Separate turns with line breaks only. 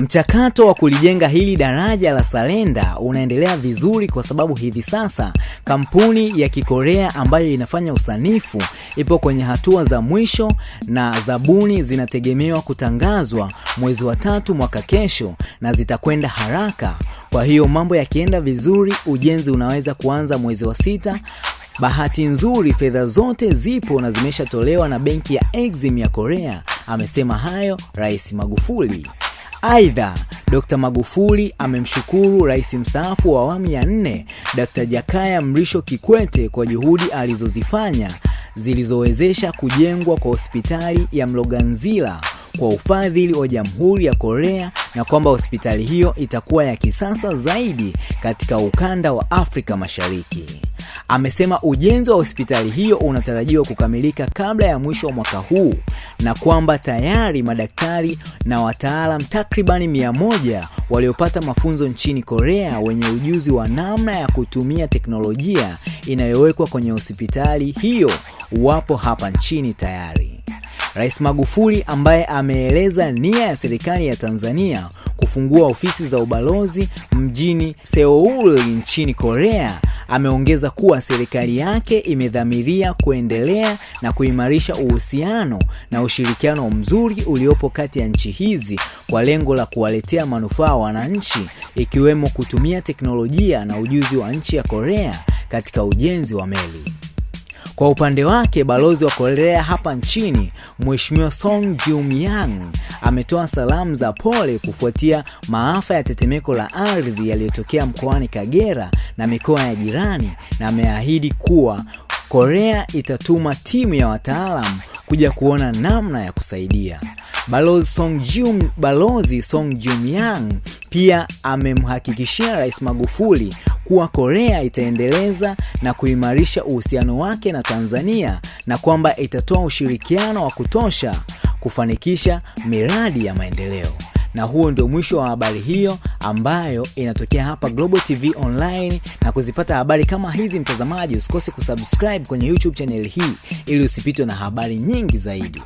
Mchakato wa kulijenga hili daraja la Salenda unaendelea vizuri kwa sababu hivi sasa kampuni ya Kikorea ambayo inafanya usanifu ipo kwenye hatua za mwisho na zabuni zinategemewa kutangazwa mwezi wa tatu mwaka kesho na zitakwenda haraka. Kwa hiyo mambo yakienda vizuri, ujenzi unaweza kuanza mwezi wa sita Bahati nzuri fedha zote zipo na zimeshatolewa na benki ya Exim ya Korea. Amesema hayo Rais Magufuli. Aidha, d Magufuli amemshukuru rais mstaafu wa awamu ya nne d Jakaya Mrisho Kikwete kwa juhudi alizozifanya zilizowezesha kujengwa kwa hospitali ya Mloganzila kwa ufadhili wa Jamhuri ya Korea na kwamba hospitali hiyo itakuwa ya kisasa zaidi katika ukanda wa Afrika Mashariki amesema ujenzi wa hospitali hiyo unatarajiwa kukamilika kabla ya mwisho wa mwaka huu na kwamba tayari madaktari na wataalam takribani 1 waliopata mafunzo nchini Korea wenye ujuzi wa namna ya kutumia teknolojia inayowekwa kwenye hospitali hiyo wapo hapa nchini tayari. Rais Magufuli ambaye ameeleza nia ya serikali ya Tanzania kufungua ofisi za ubalozi mjini Seoul nchini Korea Ameongeza kuwa serikali yake imedhamiria kuendelea na kuimarisha uhusiano na ushirikiano mzuri uliopo kati ya nchi hizi kwa lengo la kuwaletea manufaa wananchi, ikiwemo kutumia teknolojia na ujuzi wa nchi ya Korea katika ujenzi wa meli. Kwa upande wake balozi wa Korea hapa nchini Mheshimiwa Song jumyang ametoa salamu za pole kufuatia maafa ya tetemeko la ardhi yaliyotokea mkoani Kagera na mikoa ya jirani, na ameahidi kuwa Korea itatuma timu ya wataalam kuja kuona namna ya kusaidia. Balozi Song Jum, Balozi Song Jumyang pia amemhakikishia Rais Magufuli kuwa Korea itaendeleza na kuimarisha uhusiano wake na Tanzania na kwamba itatoa ushirikiano wa kutosha kufanikisha miradi ya maendeleo. Na huo ndio mwisho wa habari hiyo ambayo inatokea hapa Global TV Online. Na kuzipata habari kama hizi, mtazamaji, usikose kusubscribe kwenye YouTube channel hii ili usipitwe na habari nyingi zaidi.